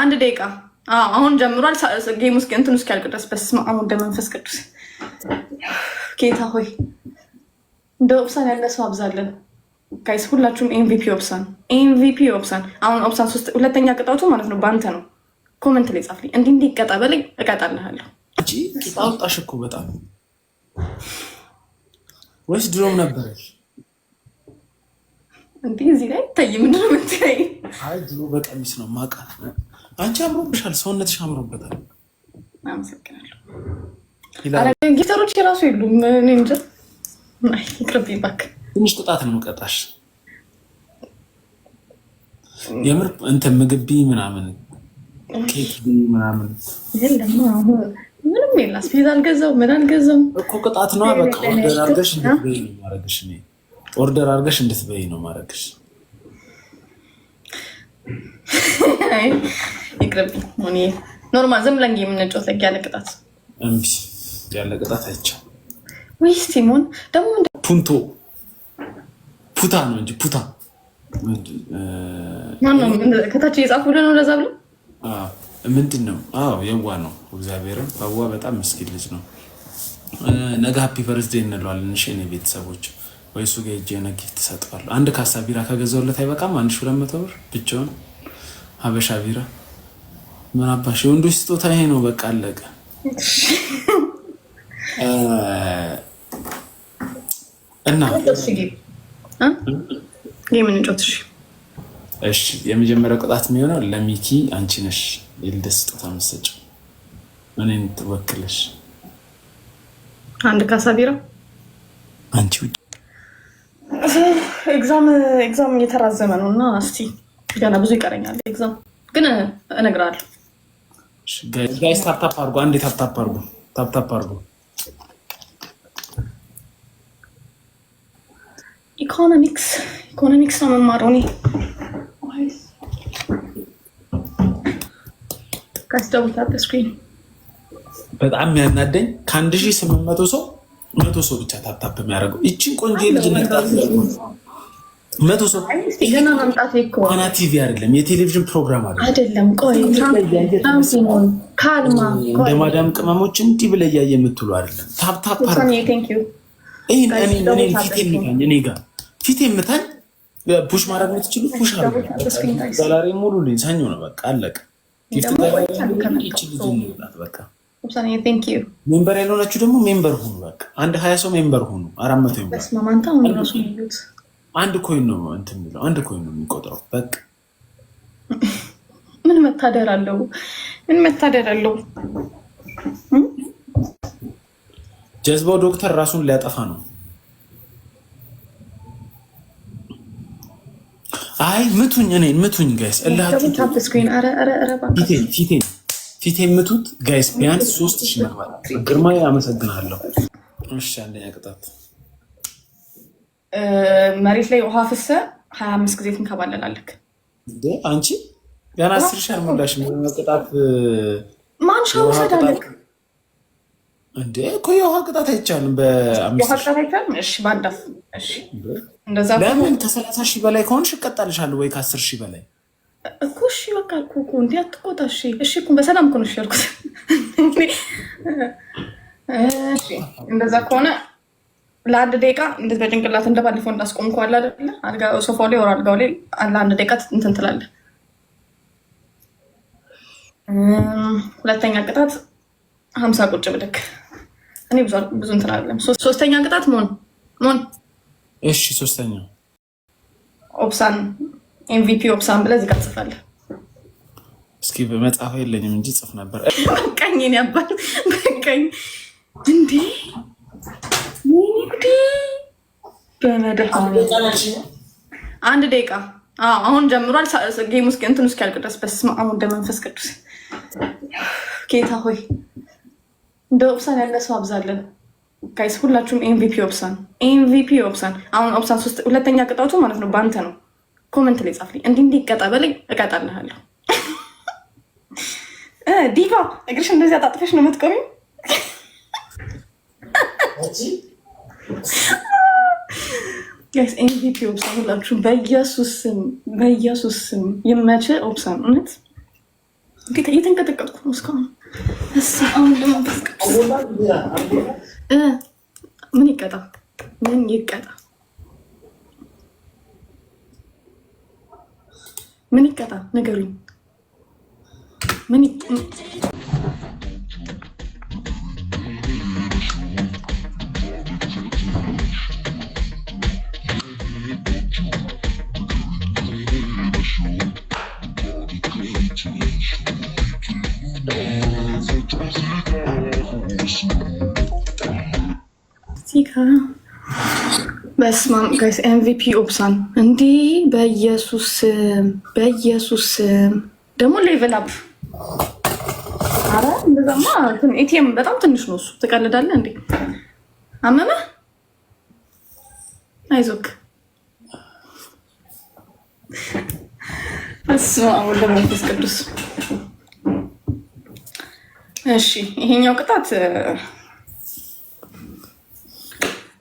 አንድ ደቂቃ አሁን ጀምሯል። ጌም ውስጥ እንትን እስኪያልቅ ድረስ በስመ አብ ወወልድ ወመንፈስ ቅዱስ ጌታ ሆይ እንደ ኦፕሳን ያለ ሰው አብዛለን። ጋይስ ሁላችሁም ኤምቪፒ ኦፕሳን፣ ኤምቪፒ ኦፕሳን። አሁን ኦፕሳን ሁለተኛ ቅጣቱ ማለት ነው በአንተ ነው። ኮመንት ላይ ጻፍልኝ፣ እንዲህ እንዲህ ይቀጣ በላይ እቀጣልሃለሁ። ቂጣ ወጣሽ እኮ በጣም ወይስ ድሮም ነበረች? እንዴ እዚህ ላይ ይታይ ምንድን ነው ምታይ? አይ ድሮ በቀሚስ ነው ማውቃት። አንቺ አምሮብሻል፣ ሰውነትሽ አምሮበታል። አመሰግናለሁ። ጌተሮች የራሱ የሉም። እኔ እንጃ ይቅርብኝ ትንሽ ቅጣት ነው ቀጣሽ የምር እንትን ምግብ ምናምን ኬክ ምናምን ምንም የለ። ምን አልገዛው እኮ ቅጣት ነዋ። በቃ እንደ ነው ኦርደር አድርገሽ እንድትበይ ነው ማድረግሽ። ይቅርብኝ። ኖርማል ዝም ብለን የምንጮት ለግ ያለ ቅጣት እምቢ ያለ ቅጣት አይቻው ወይ ሲሞን ደግሞ ፑንቶ ፑታ ነው እንጂ ፑታ ከታች እየጻፉ ብለ ነው ለዛ ብሎ ምንድን ነው? አዎ የዋ ነው። እግዚአብሔርም አዋ በጣም መስኪን ልጅ ነው። ነገ ሀፒ በርዝዴ እንለዋለን። እሺ እኔ ቤተሰቦች ወይ እሱ ጋር ሄጄ የሆነ ጊፍት እሰጠዋለሁ። አንድ ካሳ ቢራ ከገዛሁለት አይበቃም? አንድ ሺህ ሁለት መቶ ብር ብቻውን ሀበሻ ቢራ ምን አባሽ የወንዶች ስጦታ ይሄ ነው። በቃ አለቀ። እና እሺ የመጀመሪያው ቅጣት የሚሆነው ለሚኪ አንቺ ነሽ የልደት ስጦታ የምትሰጪው እኔን ትወክለሽ አንድ ካሳ ቢራ አንቺ ኤግዛም ኤግዛም እየተራዘመ ነው እና እስቲ ገና ብዙ ይቀረኛል። ኤግዛም ግን እነግራለሁ። ጋይስ ታፕታፕ አንዴ ታፕታፕ ታፕታፕ ኢኮኖሚክስ ኢኮኖሚክስ ነው መማረው። እኔ ካስተውታ በጣም የሚያናደኝ ከአንድ ሺህ ስምንት መቶ ሰው መቶ ሰው ብቻ ታታፕ የሚያደርገው ይችን ቆንጆ ልጅ መቶ ሰው ገና ቲቪ አይደለም፣ የቴሌቪዥን ፕሮግራም አይደለም። ካልማ እንደ ማዳም ቅመሞች እንዲህ ብለህ እያየ የምትሉ አይደለም። ታፕታፕ እኔ ጋር ፊት የምታኝ ፑሽ ማድረግ የምትችሉ ፑሽ ዛላሬ ሙሉ ልኝ ሰኞ ነው። በቃ አለቀ። ሜምበር ያልሆናችሁ ደግሞ ሜምበር ሁኑ። አንድ ሀያ ሰው ሜምበር ሁኑ። አራት መቶ አንድ ኮይን ነው እንትን የሚለው አንድ ኮይን ነው የሚቆጥረው። በቃ ምን መታደር አለው? ምን መታደር አለው? ጀዝባው ዶክተር ራሱን ሊያጠፋ ነው። አይ ምቱኝ፣ እኔ ምቱኝ ጋይስ፣ እላችሁ ፊቴን ፊት የምቱት ጋይስ ቢያንስ ሶስት ሺ መግባት። ግርማ አመሰግናለሁ። እሺ አንደኛ ቅጣት መሬት ላይ ውሃ ፍሰ ሀያ አምስት ጊዜ ትንከባለላለክ። አንቺ ገና አስር ሺ አልሞላሽ። ቅጣት ማንሻ ውሰዳለክ እንዴ? እኮ የውሃ ቅጣት አይቻልም። በውሃ ቅጣት አይቻልም። እሺ በአንዳፍ እሺ። ለምን ከሰላሳ ሺህ በላይ ከሆንሽ እቀጣልሻለሁ ወይ ከአስር ሺህ በላይ እኮ እሺ በቃ እኮ እኮ እንዲ አትቆጣ። እሺ እሺ እኮ በሰላም እኮ ነው እሺ ያልኩት። እሺ እንደዛ ከሆነ ለአንድ ደቂቃ እንደዚህ በጭንቅላት እንደባለፈው እንዳስቆም ከዋል አደለ አልጋ ላይ ወር አልጋው ላይ ለአንድ ደቂቃ እንትን ትላለህ። ሁለተኛ ቅጣት ሀምሳ ቁጭ ብድግ። እኔ ብዙ እንትን አለም። ሶስተኛ ቅጣት ሞን ሞን። እሺ ሶስተኛ ኦፕሳን ኤምቪፒ ኦፕሳን ብለህ እዚህ ጋ ትጽፋለህ። እስኪ በመጽሐፍ የለኝም እንጂ ጽፍ ነበር። በቃኝ ነበር በቃኝ። እንዴ ጉዴ! በመድኃኒዓለም አንድ ደቂቃ አሁን ጀምሯል። ጌሙ እንትን እስኪያልቅ ድረስ በስመ አብ ወወልድ ወመንፈስ ቅዱስ ጌታ ሆይ እንደ ኦፕሳን ያለ ሰው አብዛለን። ጋይስ ሁላችሁም ኤምቪፒ ኦፕሳን፣ ኤምቪፒ ኦፕሳን። አሁን ኦፕሳን ሁለተኛ ቅጣቱ ማለት ነው በአንተ ነው። ኮመንት ላይ ጻፍልኝ። እንዲህ እንዲህ ይቀጣ በለኝ እቀጣልሃለሁ። ዲቫ እግርሽ እንደዚህ አጣጥፈሽ ነው የምትቆሚ። ኤንቪፒ ኦብሳን ሁላችሁም በኢየሱስ ስም ይመች። ኦብሳን እውነት እየተንቀጠቀጥኩ ነው እስካሁን። አሁን ደግሞ ምን ይቀጣ ምን ይቀጣ ምን ይቀጣ ንገሩኝ። ምን ሲካ በስማም ጋይስ ኤምቪፒ ኦብሳን እንዲህ በኢየሱስ በኢየሱስ ደግሞ ሌቭል አፕ። አረ እንደዛማ ኤቲኤም በጣም ትንሽ ነው እሱ። ትቀልዳለህ እንዴ? አመመ አይዞክ። በስመ አብ ወወልድ ወመንፈስ ቅዱስ። እሺ ይሄኛው ቅጣት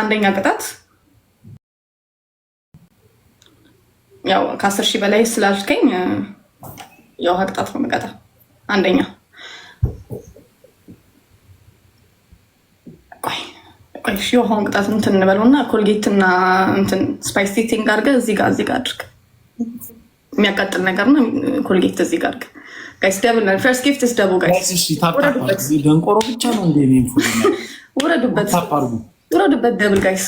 አንደኛ ቅጣት ያው ከአስር ሺህ በላይ ስላልከኝ የውሃ ቅጣት ነው መቀጣ። አንደኛ የውሃውን ቅጣት እንትን እንበለውና እና እንትን ስፓይስ ሴቲንግ አድርገህ እዚህ ጋር እዚህ ጋር አድርግ። የሚያቃጥል ነገር ነው። ኮልጌት እዚህ ጋር አድርግ። ጋይስ ደብል ነን። ፈርስት ጊፍት ስ ደብል ጋይስ። ደንቆሮ ብቻ ነው እንደ ውረዱበት፣ ውረዱበት ደብል ጋይስ።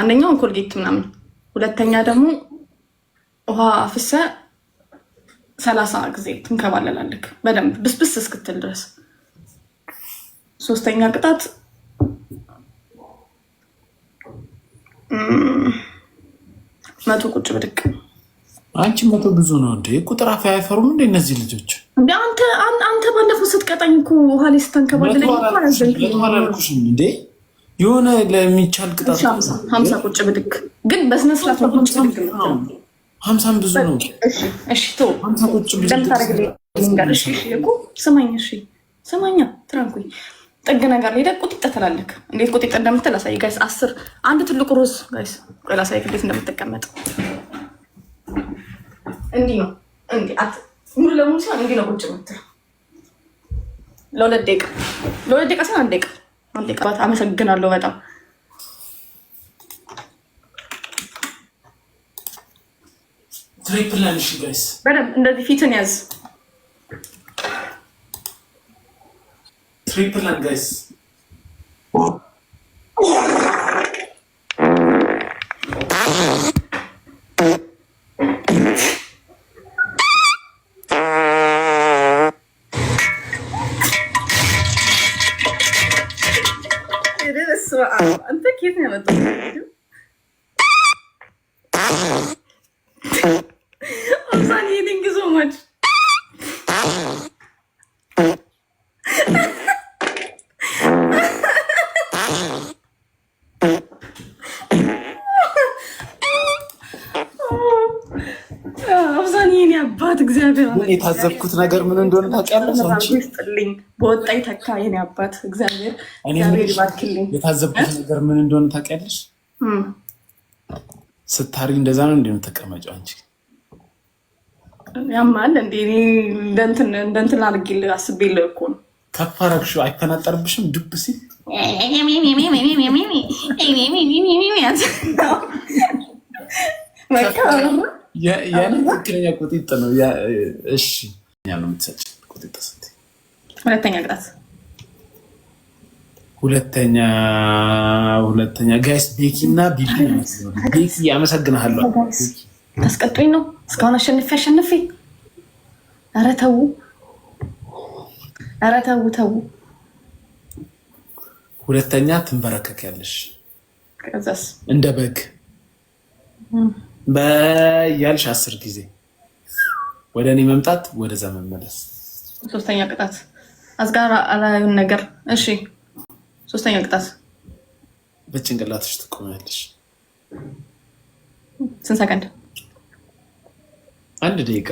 አንደኛውን ኮልጌት ምናምን ሁለተኛ ደግሞ ውሃ አፍሰ ሰላሳ ጊዜ ትንከባለላልክ በደንብ ብስብስ እስክትል ድረስ። ሶስተኛ ቅጣት መቶ ቁጭ ብድቅ። አንቺ መቶ ብዙ ነው እንዴ? ቁጥር አፍ አይፈሩም እንዴ እነዚህ ልጆች? አንተ ባለፈው ስትቀጠኝ እኮ ውሃ ላይ ስተንከባለለኝ እንዴ የሆነ ለሚቻል ቅጣት ሀምሳ ቁጭ ብድግ ግን በስነ ስርዓት ቁጭ ብድግ ሀምሳም ብዙ ነው። ስማኝ፣ እሺ ስማኛ፣ ትራንኩኝ ጥግ ነገር ሄደ ቁጢጥ ትላለህ። እንዴት ቁጢጥ እንደምትል ላሳይ ጋይስ። አስር አንድ ትልቁ ሮዝ ጋይስ፣ ቆይ ላሳይ እንዴት እንደምትቀመጥ። እንዲህ ነው ሙሉ ለሙሉ ሲሆን እንዲህ ነው ቁጭ ምትል ለሁለት ደቂቃ ለሁለት ደቂቃ ሲሆን አንድ ደቂቃ ቅባት አመሰግናለሁ በጣም ትሪፕል እንደዚህ ፊትን ያዝ። ጋይስ አባት የታዘብኩት ነገር ምን እንደሆነ ታውቂያለሽ? ይስጥልኝ ተካ የኔ አባት እግዚአብሔር ይባርክልኝ። የታዘብኩት ነገር ምን እንደሆነ ታውቂያለሽ? ስታሪ እንደዛ ነው እንደ ተቀመጨው አንቺ ያማል እንደ እንትን አድርጌ አስቤ እኮ ነው ከፍ አደረግሽው አይፈናጠርብሽም? ድብ ሲል ያኔ ትክክለኛ ቁጢጥ ነው። እሺ የምትሰጭ ስንት? ሁለተኛ ቅጣት ሁለተኛ ሁለተኛ ጋይስ ቤኪ እና ቢቢ ቤኪ አመሰግናለሁ። ነው እስካሁን አሸንፌ አሸንፌ ኧረ ተው ኧረ ተው ተው። ሁለተኛ ትንበረከኪያለሽ፣ እንደ በግ በያልሽ አስር ጊዜ ወደ እኔ መምጣት፣ ወደዛ መመለስ። ሶስተኛ ቅጣት አዝጋራ አላዩን ነገር። እሺ ሶስተኛ ቅጣት በጭንቅላትሽ ትቆሚያለሽ። ስንት ሰከንድ? አንድ ደቂቃ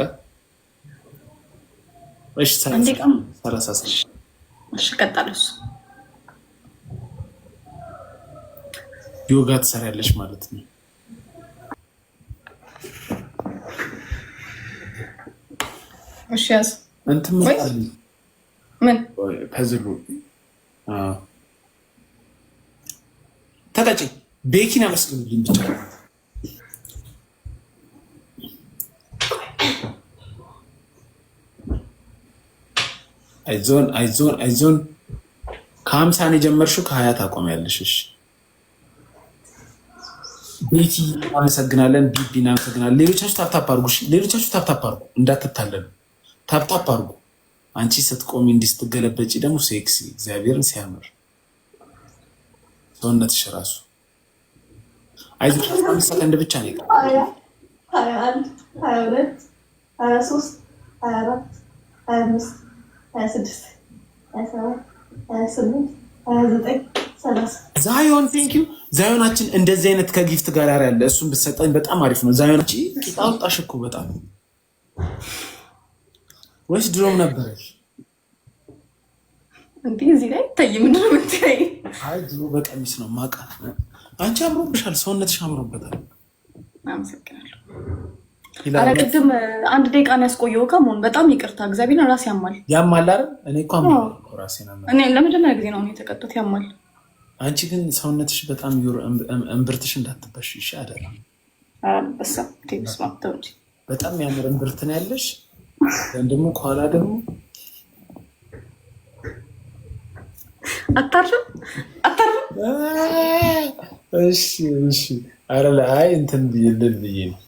እሺ እቀጣለሁ። ዮጋ ትሰሪያለሽ ማለት ነው። እንትን ምን ከዝሉ ተቀጭ ቤኪን አመስግኑልኝ ብቻ አይዞን አይዞን አይዞን ከሀምሳን የጀመርሽው ከሀያ ታቆሚያለሽ። እሺ ቤቲ እናመሰግናለን፣ ቢቢ እናመሰግናለን። ሌሎቻችሁ ታፕታፕ አርጉ፣ ሌሎቻችሁ ታፕታፕ አርጉ፣ እንዳትታለሉ ታፕታፕ አርጉ። አንቺ ስትቆሚ እንዲህ ስትገለበጪ ደግሞ ሴክሲ እግዚአብሔርን ሲያምር ሰውነትሽ ራሱ አይዞሽ። አምስት ሰከንድ ብቻ ነው የቀረው። ሀያ አንድ ሀያ ሁለት ሀያ ሶስት ሀያ አራት ሀያ አምስት ዛዮን ቴንኪዩ ዛዮናችን እንደዚህ አይነት ከጊፍት ጋር ያለ እሱን ብትሰጠኝ በጣም አሪፍ ነው። ቂጣ ጣውጣሽ እኮ በጣም ወይስ ድሮም ነበረች? እዚህ ላይ ይታይ ምንድን ነው የምታይ? አይ ድሮ በቀሚስ ነው ማቃ። አንቺ አምሮብሻል፣ ሰውነትሽ አምሮበታል። አመሰግናለሁ። አረ ቅድም አንድ ደቂቃ ነው ያስቆየው ከመሆን በጣም ይቅርታ። እግዚአብሔር ራስ ያማል ያማል። አረ እኔ እኮ እኔ ለመጀመሪያ ጊዜ ነው የተቀጡት። ያማል። አንቺ ግን ሰውነትሽ በጣም እምብርትሽ እንዳትበሽ ይሻ አደራ። በጣም ያምር እምብርት ነው ያለሽ። ደግሞ ከኋላ ደግሞ አታርፍም አታርፍም። እሺ እሺ። አረ አይ እንትን ልል ብዬ ነው